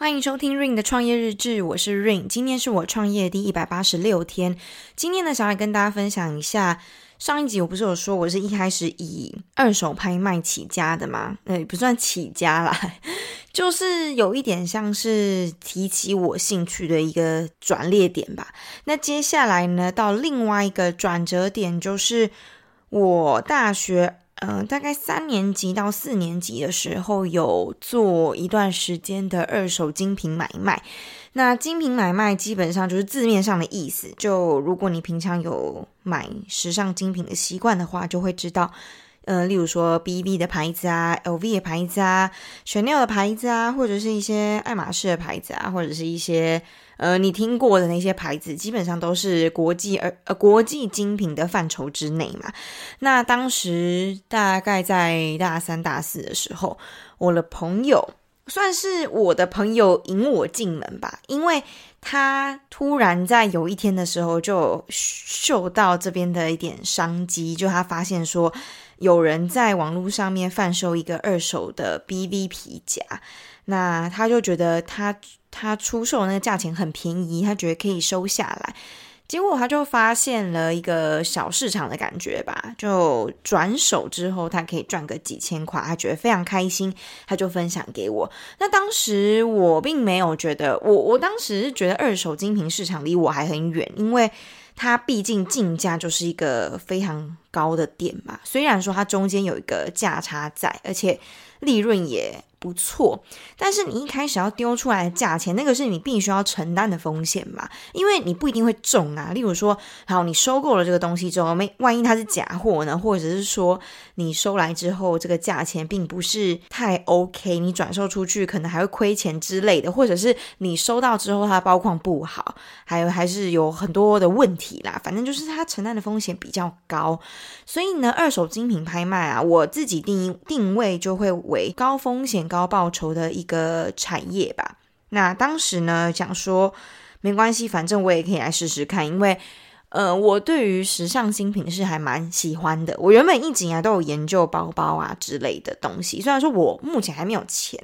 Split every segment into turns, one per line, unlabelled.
歡迎收聽 Ring 的創業日志，我是 Ring，今天是我創業第一百八十六天。今天呢，想要跟大家分享一下，上一集我不是有說我是一開始以二手拍賣起家的嗎？也、呃、不算起家啦，就是有一點像是提起我興趣的一個轉捩點吧。那接下來呢，到另外一個轉折點，就是我大學。嗯、呃，大概三年級到四年級的時候，有做一段時間的二手精品買賣。那精品買賣基本上就是字面上的意思，就如果你平常有買時尚精品的習慣的話，就會知道，呃，例如說 BB 的牌子啊，LV 的牌子啊，Chanel 的牌子啊，或者是一些愛馬仕的牌子啊，或者是一些。呃，你聽過的那些牌子，基本上都是國際而呃國際精品的範疇之內嘛。那當時大概在大三、大四的時候，我的朋友算是我的朋友引我進門吧，因為他突然在有一天的時候就嗅到這邊的一點商機，就他發現說有人在網絡上面販售一個二手的 BV 皮夾，那他就覺得他。他出售的那個價錢很便宜，他覺得可以收下來，結果他就發現了一個小市場的感覺吧，就轉手之後他可以賺個幾千塊，他覺得非常開心，他就分享給我。那當時我並沒有覺得，我我當時是覺得二手精品市場離我還很遠，因為它畢竟進價就是一個非常高的點嘛，雖然說它中間有一個價差在，而且利潤也。不錯，但是你一開始要丟出來的價錢，那個是你必須要承擔的風險嘛？因為你不一定會中啊。例如說，好，你收購了這個東西之後，沒萬一它是假貨呢，或者是說。你收來之後，這個價錢並不是太 OK，你轉售出去可能還會虧錢之類的，或者是你收到之後，它包況不好，還有還是有很多的問題啦。反正就是它承擔的風險比較高，所以呢，二手精品拍賣啊，我自己定定位就會為高風險高報酬的一個產業吧。那當時呢，想說沒關係，反正我也可以來試試看，因為。呃，我對於時尚新品是還蠻喜歡的。我原本一直以來都有研究包包啊之類的東西，雖然說我目前還沒有錢，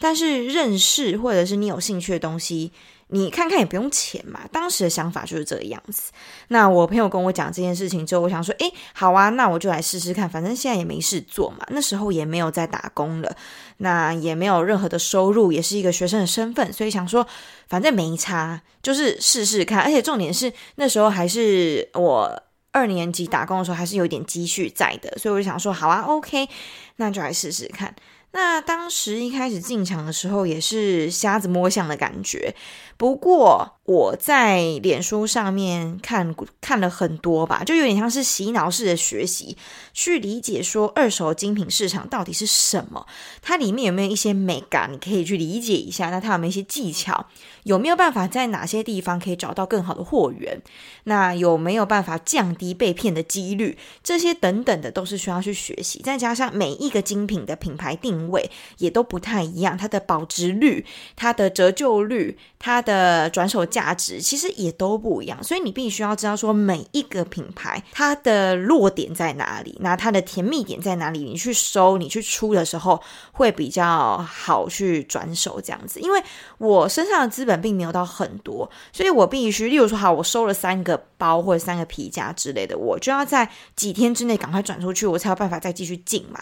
但是認識或者是你有興趣的東西。你看看也不用錢嘛，當時的想法就是這個樣子。那我朋友跟我講這件事情之後，我想說，哎，好啊，那我就來試試看，反正現在也沒事做嘛。那時候也沒有在打工了，那也沒有任何的收入，也是一個學生的身份，所以想說，反正沒差，就是試試看。而且重點是那時候還是我二年級打工的時候，還是有點積蓄在的，所以我就想說，好啊，OK，那就來試試看。那當時一開始進場的時候，也是瞎子摸象的感覺。不過我在臉書上面看過，看了很多吧，就有點像是洗腦式的學習，去理解說二手精品市場到底是什麼，它裡面有沒有一些美感，你可以去理解一下。那它有沒有一些技巧？有沒有辦法在哪些地方可以找到更好的貨源？那有沒有辦法降低被騙的幾率？這些等等的都是需要去學習。再加上每一個精品的品牌定位也都不太一樣，它的保值率、它的折舊率、它的。它的轉手價值其實也都不一樣，所以你必須要知道說每一個品牌它的弱點在哪裡，那它的甜蜜點在哪裡。你去收，你去出的時候會比較好去轉手這樣子。因為我身上的資本並沒有到很多，所以我必須，例如說好，我收了三個包或者三個皮夾之類的，我就要在幾天之內趕快轉出去，我才有辦法再繼續進嘛。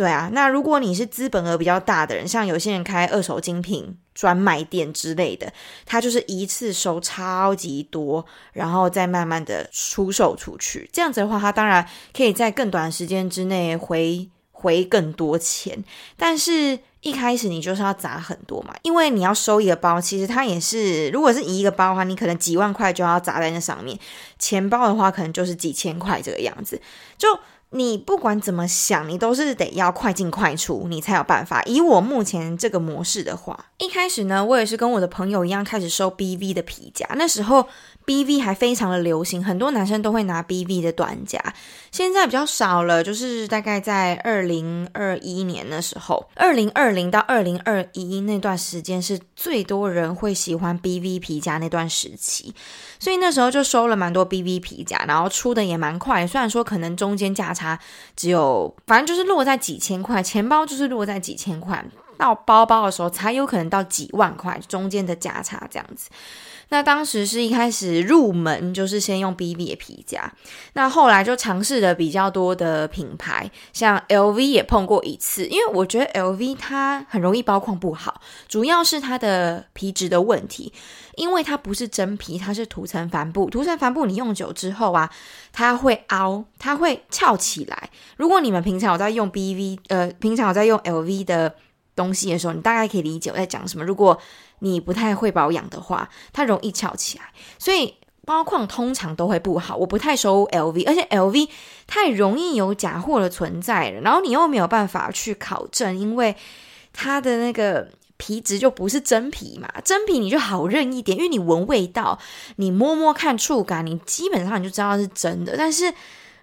對啊，那如果你是資本額比較大的人，像有些人開二手精品專賣店之類的，他就是一次收超級多，然後再慢慢的出售出去。這樣子的話，他當然可以在更短的時間之內回回更多錢。但是，一開始你就是要砸很多嘛，因為你要收一個包，其實它也是，如果是一個包的話，你可能幾萬塊就要砸在那上面；錢包的話，可能就是幾千塊這個樣子，就。你不管怎麼想，你都是得要快進快出，你才有辦法。以我目前這個模式的話，一開始呢，我也是跟我的朋友一樣，開始收 BV 的皮夾，那時候。BV 還非常的流行，很多男生都會拿 BV 的短夾，現在比較少了，就是大概在二零二一年的時候，二零二零到二零二一那段時間是最多人會喜歡 BV 皮夾那段時期，所以那時候就收了蠻多 BV 皮夾，然後出的也蠻快，雖然說可能中間價差只有，反正就是落在幾千塊，錢包就是落在幾千塊，到包包的時候才有可能到幾萬塊，中間的價差這樣子。那當時是一開始入門，就是先用 BV 的皮夾，那後來就嘗試了比較多的品牌，像 LV 也碰過一次，因為我覺得 LV 它很容易包框不好，主要是它的皮質的問題，因為它不是真皮，它是塗層帆布，塗層帆布你用久之後啊，它會凹，它會翹起來。如果你們平常有在用 BV，呃，平常有在用 LV 的。東西的時候，你大概可以理解我在講什麼。如果你不太會保養的話，它容易翹起來，所以包況，通常都會不好。我不太收 LV，而且 LV 太容易有假貨的存在了。然後你又沒有辦法去考證，因為它的那個皮質就不是真皮嘛，真皮你就好認一點，因為你聞味道，你摸摸看觸感，你基本上你就知道它是真的。但是。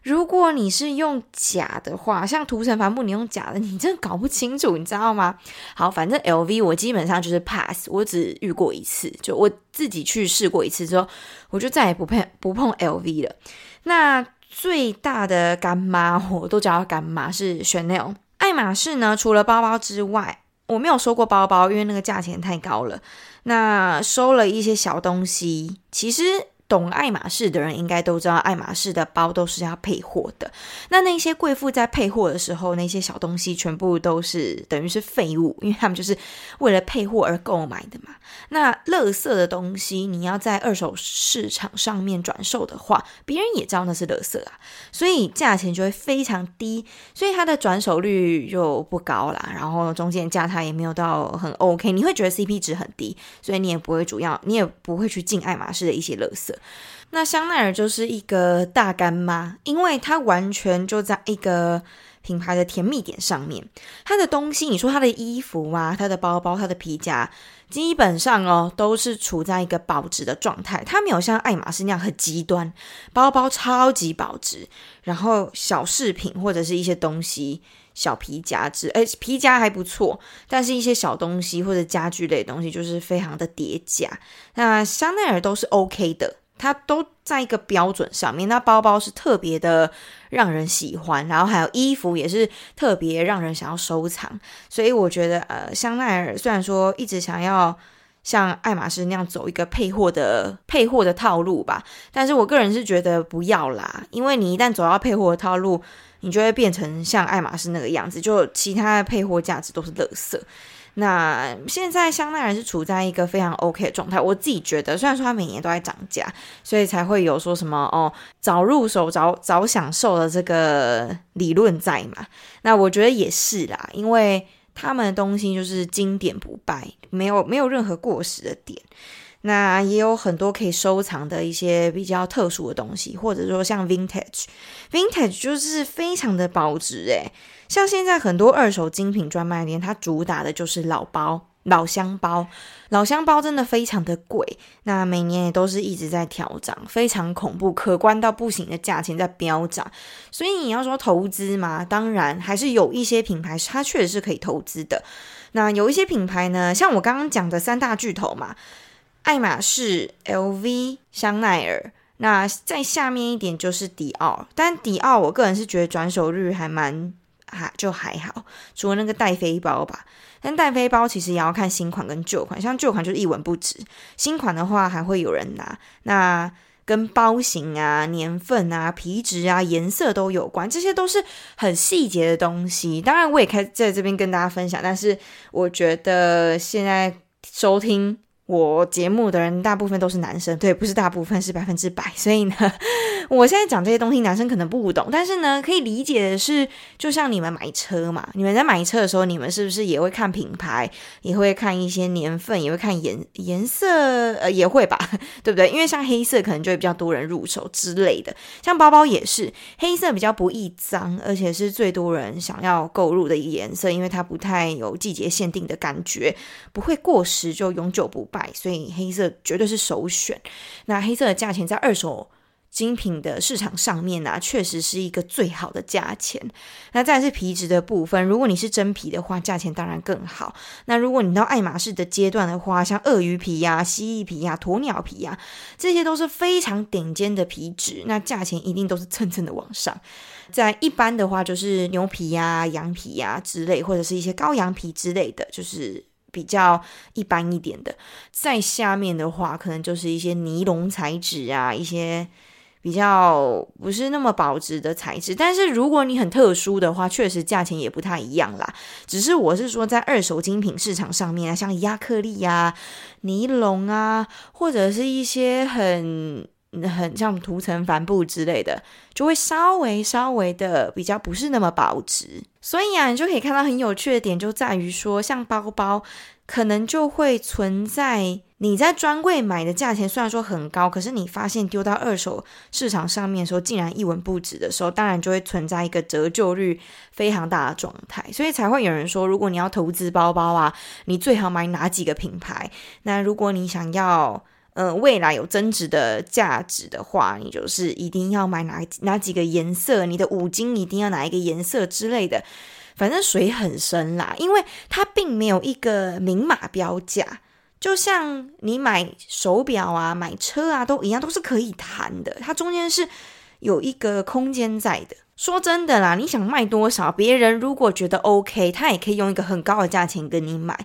如果你是用假的話，像塗層帆布，你用假的，你真的搞不清楚，你知道嗎？好，反正 L V 我基本上就是 pass，我只遇過一次，就我自己去試過一次之後，我就再也不碰不碰 L V 了。那最大的乾媽，我都叫乾媽是 Chanel，愛馬仕呢，除了包包之外，我沒有收過包包，因為那個價錢太高了。那收了一些小東西，其實。懂愛馬仕的人應該都知道，愛馬仕的包都是要配貨的。那那些貴婦在配貨的時候，那些小東西全部都是等於是廢物，因為他們就是為了配貨而購買的嘛。那樂色的東西，你要在二手市場上面轉售的話，別人也知道那是樂色啊，所以價錢就會非常低，所以它的轉手率就不高啦，然後中間價它也沒有到很 OK，你會覺得 CP 值很低，所以你也不會主要，你也不會去進愛馬仕的一些樂色。那香奈兒就是一個大乾媽，因為它完全就在一個品牌的甜蜜點上面。它的東西，你說它的衣服啊、它的包包、它的皮夾，基本上哦都是處在一個保值的狀態。它沒有像愛馬仕那樣很極端，包包超級保值，然後小飾品或者是一些東西、小皮夾子，哎、欸，皮夾還不錯，但是一些小東西或者家具類的東西就是非常的跌價。那香奈兒都是 OK 的。它都在一個標準上面，那包包是特別的讓人喜歡，然後還有衣服也是特別讓人想要收藏，所以我覺得，呃，香奈兒雖然說一直想要像愛馬仕那樣走一個配貨的配貨的套路吧，但是我個人是覺得不要啦，因為你一旦走到配貨的套路，你就會變成像愛馬仕那個樣子，就其他的配貨價值都是垃圾。那現在香奈兒是處在一個非常 OK 的狀態，我自己覺得，雖然說它每年都在漲價，所以才會有說什麼哦早入手早早享受的這個理論在嘛。那我覺得也是啦，因為他們的東西就是經典不敗，沒有沒有任何過時的點。那也有很多可以收藏的一些比較特殊的東西，或者說像 vintage，vintage 就是非常的保值誒、欸像現在很多二手精品專賣店，它主打的就是老包、老箱包、老箱包真的非常的貴，那每年也都是一直在調漲，非常恐怖，可觀到不行的價錢在飆漲。所以你要說投資嘛，當然還是有一些品牌，它確實是可以投資的。那有一些品牌呢，像我剛剛講的三大巨頭嘛，愛馬仕、LV、香奈兒，那再下面一點就是迪奧。但迪奧，我個人是覺得轉手率還蠻。還、啊、就還好，除了那個戴妃包吧。但戴妃包其實也要看新款跟舊款，像舊款就是一文不值，新款的話還會有人拿。那跟包型啊、年份啊、皮質啊、顏色都有關，這些都是很細節的東西。當然我也開在這邊跟大家分享，但是我覺得現在收聽。我節目的人大部分都是男生，對，不是大部分，是百分之百，所以呢，我現在講這些東西，男生可能不懂，但是呢，可以理解的是，就像你們買車嘛，你們在買車的時候，你們是不是也會看品牌，也會看一些年份，也會看顏顏色，呃，也會吧，對不對？因為像黑色可能就會比較多人入手之類的，像包包也是，黑色比較不易髒，而且是最多人想要購入的一個顏色，因為它不太有季節限定的感覺，不會過時，就永久不敗。所以黑色絕對是首選。那黑色的價錢在二手精品的市場上面呢，啊，確實是一個最好的價錢。那再來是皮質的部分，如果你是真皮的話，價錢當然更好。那如果你到愛馬仕的階段的話，像鱷魚皮呀，、啊、蜥蜴皮呀，、啊、鴕鳥皮呀，、啊，這些都是非常頂尖的皮質，那價錢一定都是蹭蹭的往上。在一般的話，就是牛皮呀，、啊、羊皮呀，、啊、之類，或者是一些羔羊皮之類的就是。比較一般一點的，再下面的話，可能就是一些尼龍材質啊，一些比較不是那麼保值的材質。但是如果你很特殊的話，確實價錢也不太一樣啦。只是我是說，在二手精品市場上面啊，像壓克力呀、啊、尼龍啊，或者是一些很。很像塗層帆布之類的，就會稍微稍微的比較不是那麼保值。所以啊，你就可以看到很有趣的點，就在於說，像包包可能就會存在你在專櫃買的價錢雖然說很高，可是你發現丟到二手市場上面的時候，竟然一文不值的時候，當然就會存在一個折舊率非常大的狀態。所以才會有人說，如果你要投資包包啊，你最好買哪幾個品牌？那如果你想要。嗯，未來有增值的價值的話，你就是一定要買哪哪幾個顏色，你的五金一定要哪一個顏色之類的，反正水很深啦，因為它並沒有一個明碼標價，就像你買手錶啊、買車啊都一樣，都是可以談的，它中間是有一個空間在的。說真的啦，你想賣多少，別人如果覺得 OK，他也可以用一個很高的價錢跟你買。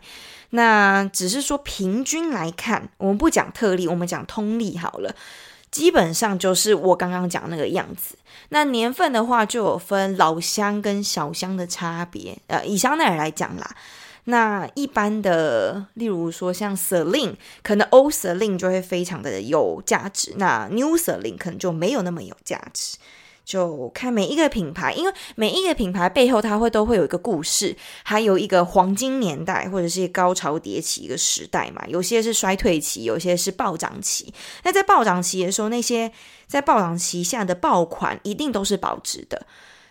那只是說平均來看，我們不講特例，我們講通例好了。基本上就是我剛剛講那個樣子。那年份的話，就有分老香跟小香的差別。呃，以香奈兒來講啦，那一般的，例如說像 Celine，可能 Old Celine 就會非常的有價值，那 New Celine 可能就沒有那麼有價值。就看每一個品牌，因為每一個品牌背後它會都會有一個故事，還有一個黃金年代，或者是高潮迭起一個時代嘛。有些是衰退期，有些是暴漲期。那在暴漲期的時候，那些在暴漲期下的爆款一定都是保值的。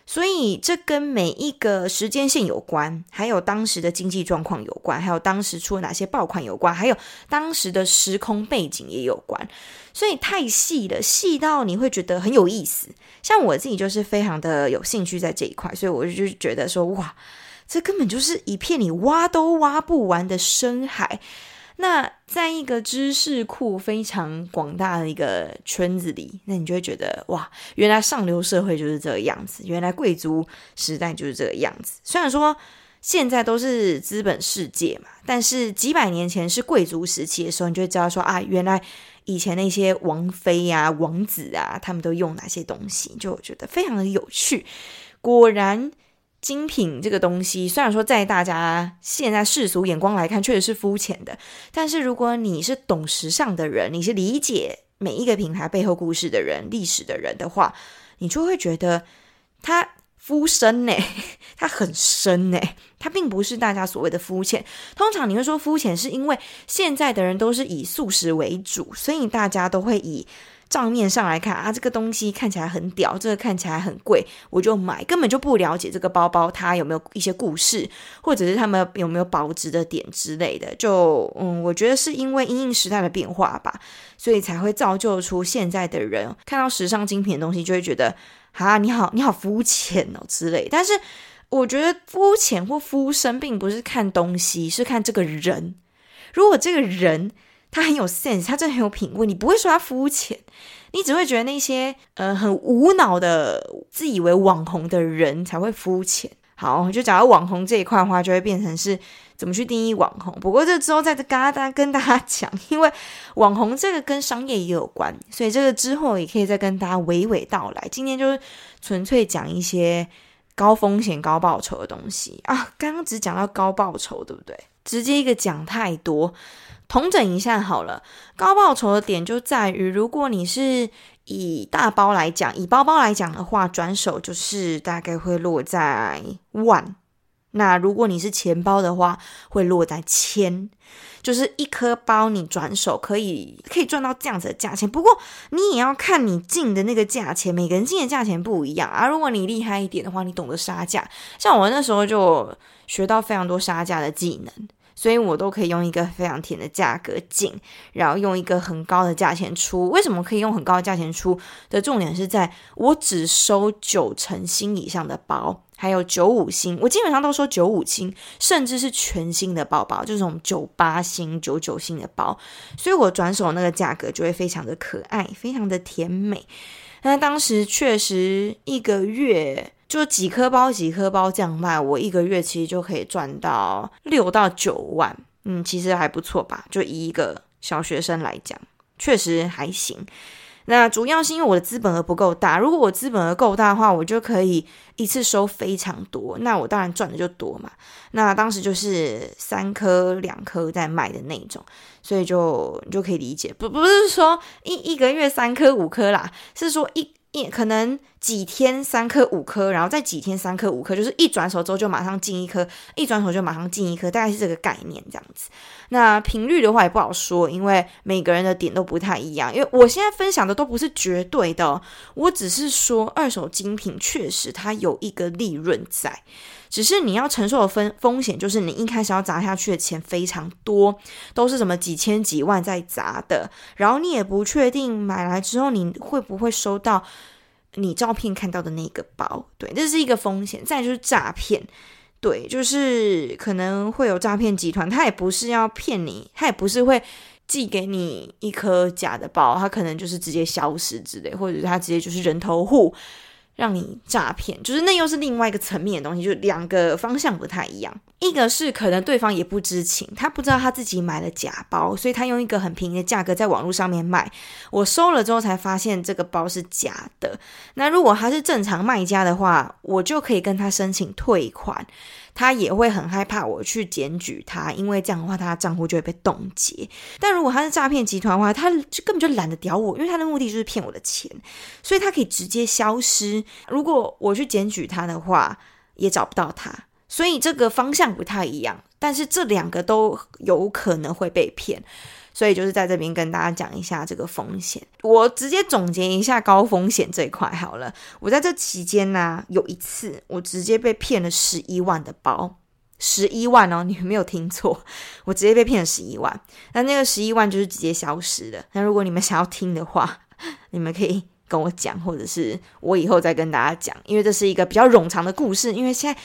所以這跟每一個時間線有關，還有當時的經濟狀況有關，還有當時出了哪些爆款有關，還有當時的時空背景也有關。所以太細了，細到你會覺得很有意思。像我自己就是非常的有興趣在這一塊，所以我就覺得說，哇，這根本就是一片你挖都挖不完的深海。那在一個知識庫非常廣大的一個圈子裡，那你就會覺得哇，原來上流社會就是這個樣子，原來貴族時代就是這個樣子。雖然說現在都是資本世界嘛，但是幾百年前是貴族時期的時候，你就會知道說啊，原來以前那些王妃呀、啊、王子啊，他們都用哪些東西，就我覺得非常的有趣。果然。精品這個東西，雖然說在大家現在世俗眼光來看確實是膚淺的，但是如果你是懂時尚的人，你是理解每一個品牌背後故事的人、歷史的人的話，你就會覺得它膚深呢，它很深呢，它並不是大家所謂的膚淺。通常你會說膚淺，是因為現在的人都是以速食為主，所以大家都會以。賬面上來看啊，這個東西看起來很屌，這個看起來很貴，我就買，根本就不了解這個包包它有沒有一些故事，或者是他們有沒有保值的點之類的。就嗯，我覺得是因為因應時代的變化吧，所以才會造就出現在的人看到時尚精品的東西就會覺得哈，你好你好膚淺哦之類的。但是我覺得膚淺或膚深並不是看東西，是看這個人。如果這個人。他很有 sense，他真的很有品味，你不會說他膚淺，你只會覺得那些呃很無腦的自以為網紅的人才會膚淺。好，就講到網紅這一塊的話，就會變成是怎麼去定義網紅。不過這之後再跟大家跟大家講，因為網紅這個跟商業也有關，所以這個之後也可以再跟大家娓娓道來。今天就是純粹講一些高風險高報酬的東西啊，剛剛只講到高報酬對不對？直接一個講太多。重整一下好了。高報酬的點就在於，如果你是以大包來講，以包包來講的話，轉手就是大概會落在萬。那如果你是錢包的話，會落在千。就是一顆包，你轉手可以可以賺到這樣子的價錢。不過你也要看你進的那個價錢，每個人進的價錢不一樣啊。如果你厲害一點的話，你懂得殺價。像我那時候就學到非常多殺價的技能。所以我都可以用一個非常甜的價格進，然後用一個很高的價錢出。為什麼可以用很高的價錢出？的重點是在我只收九成新以上的包，還有九五新，我基本上都說九五新，甚至是全新的包包，就是這種九八新、九九新的包。所以我轉手那個價格就會非常的可愛，非常的甜美。那當時確實一個月。就幾顆包幾顆包這樣賣，我一個月其實就可以賺到六到九萬，嗯，其實還不錯吧。就以一個小學生來講，確實還行。那主要是因為我的資本額不夠大，如果我資本額夠大的話，我就可以一次收非常多，那我當然賺的就多嘛。那當時就是三顆兩顆在賣的那種，所以就你就可以理解，不不是說一一個月三顆五顆啦，是說一。也可能幾天三顆五顆，然後再幾天三顆五顆，就是一轉手之後就馬上進一顆，一轉手就馬上進一顆，大概是這個概念這樣子。那頻率的話也不好說，因為每個人的點都不太一樣。因為我現在分享的都不是絕對的哦，我只是說二手精品確實它有一個利潤在。只是你要承受的風風險，就是你一開始要砸下去的錢非常多，都是什麼幾千幾萬在砸的。然後你也不確定買來之後你會不會收到你照片看到的那個包，對，這是一個風險。再來就是詐騙，對，就是可能會有詐騙集團，他也不是要騙你，他也不是會寄給你一顆假的包，他可能就是直接消失之類，或者他直接就是人頭戶。讓你詐騙，就是那又是另外一個層面的東西，就兩個方向不太一樣。一個是可能對方也不知情，他不知道他自己買了假包，所以他用一個很便宜的價格在網絡上面賣。我收了之後才發現這個包是假的。那如果他是正常賣家的話，我就可以跟他申請退款。他也會很害怕我去檢舉他，因為這樣的話他的賬戶就會被凍結。但如果他是詐騙集團的話，他就根本就懶得屌我，因為他的目的就是騙我的錢，所以他可以直接消失。如果我去檢舉他的話，也找不到他。所以這個方向不太一樣，但是這兩個都有可能會被騙。所以就是在這邊跟大家講一下這個風險。我直接總結一下高風險這一塊好了。我在這期間呢、啊，有一次我直接被騙了十一萬的包，十一萬哦，你們沒有聽錯，我直接被騙了十一萬。那那個十一萬就是直接消失的。那如果你們想要聽的話，你們可以跟我講，或者是我以後再跟大家講，因為這是一個比較冗長的故事。因為現在。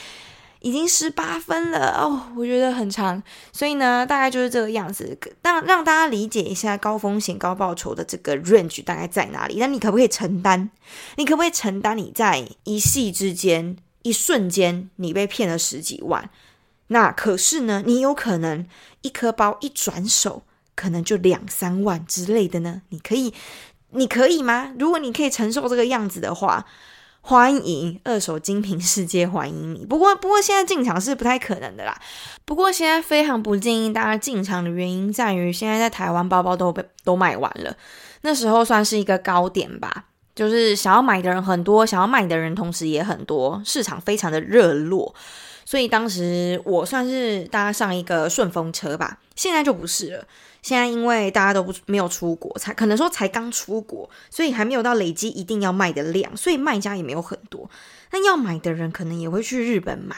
已經十八分了哦，我覺得很長，所以呢，大概就是這個樣子。讓讓大家理解一下高風險高報酬的這個 range 大概在哪裡。但你可不可以承擔？你可不可以承擔？你在一夕之間、一瞬間，你被騙了十幾萬，那可是呢？你有可能一顆包一轉手，可能就兩三萬之類的呢？你可以，你可以嗎？如果你可以承受這個樣子的話。歡迎二手精品世界歡迎你。不過，不過現在進場是不太可能的啦。不過現在非常不建議大家進場的原因，在於現在在台灣包包都被都賣完了。那時候算是一個高點吧，就是想要買的人很多，想要買的人同時也很多，市場非常的熱絡。所以當時我算是搭上一個順風車吧，現在就不是了。現在因為大家都不沒有出國，才可能說才剛出國，所以還沒有到累積一定要賣的量，所以賣家也沒有很多。那要買的人可能也會去日本買，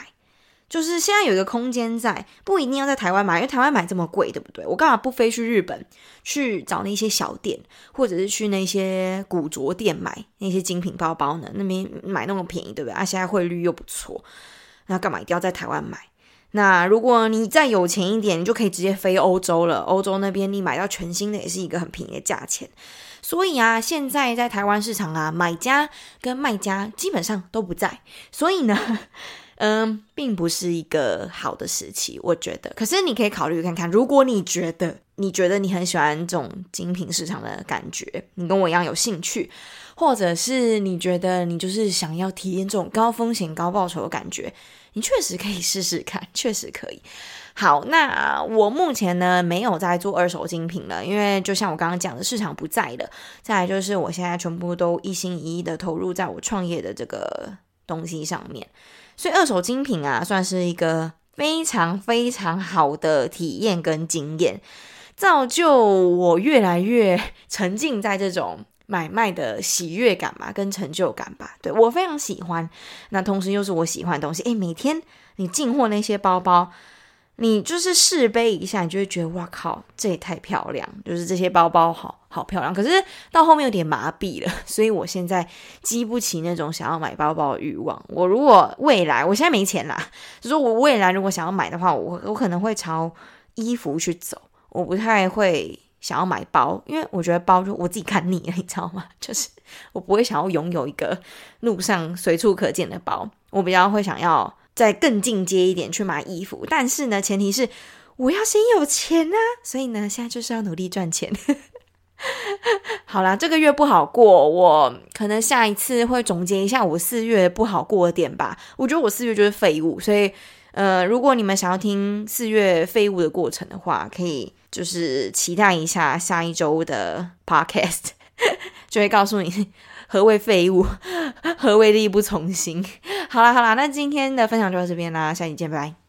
就是現在有一個空間在，不一定要在台灣買，因為台灣買這麼貴，對不對？我幹嘛不飛去日本去找那些小店，或者是去那些古着店買那些精品包包呢？那邊買那麼便宜，對不對？啊，現在匯率又不錯。那幹嘛一定要在台灣買？那如果你再有錢一點，你就可以直接飛歐洲了。歐洲那邊你買到全新的，也是一個很便宜的價錢。所以啊，現在在台灣市場啊，買家跟賣家基本上都不在。所以呢，嗯，並不是一個好的時期，我覺得。可是你可以考慮看看，如果你覺得你覺得你很喜歡這種精品市場的感覺，你跟我一樣有興趣，或者是你覺得你就是想要體驗這種高風險高報酬的感覺。你確實可以試試看，確實可以。好，那我目前呢，沒有在做二手精品了，因為就像我剛剛講的，市場不在了。再來就是我現在全部都一心一意的投入在我創業的這個東西上面，所以二手精品啊，算是一個非常非常好的體驗跟經驗，造就我越來越沉浸在這種。買賣的喜悅感嘛，跟成就感吧，對，我非常喜歡。那同時又是我喜歡的東西。誒，每天你進貨那些包包，你就是試背一下，你就會覺得哇靠，這也太漂亮！就是這些包包好好漂亮。可是到後面有點麻痹了，所以我現在激不起那種想要買包包的欲望。我如果未來，我現在沒錢啦，就說我未來如果想要買的話，我我可能會朝衣服去走，我不太會。想要買包，因為我覺得包就我自己看膩了，你知道嗎？就是我不會想要擁有一個路上隨處可見的包，我比較會想要再更進階一點去買衣服。但是呢，前提是我要先有錢啊！所以呢，現在就是要努力賺錢。 好啦，這個月不好過，我可能下一次會總結一下我四月不好過的點吧。我覺得我四月就是廢物，所以。呃，如果你們想要聽四月廢物的過程的話，可以就是期待一下下一周的 podcast， 就會告訴你何為廢物，何為力不從心。好啦好啦，那今天的分享就到這邊啦，下期見，拜拜。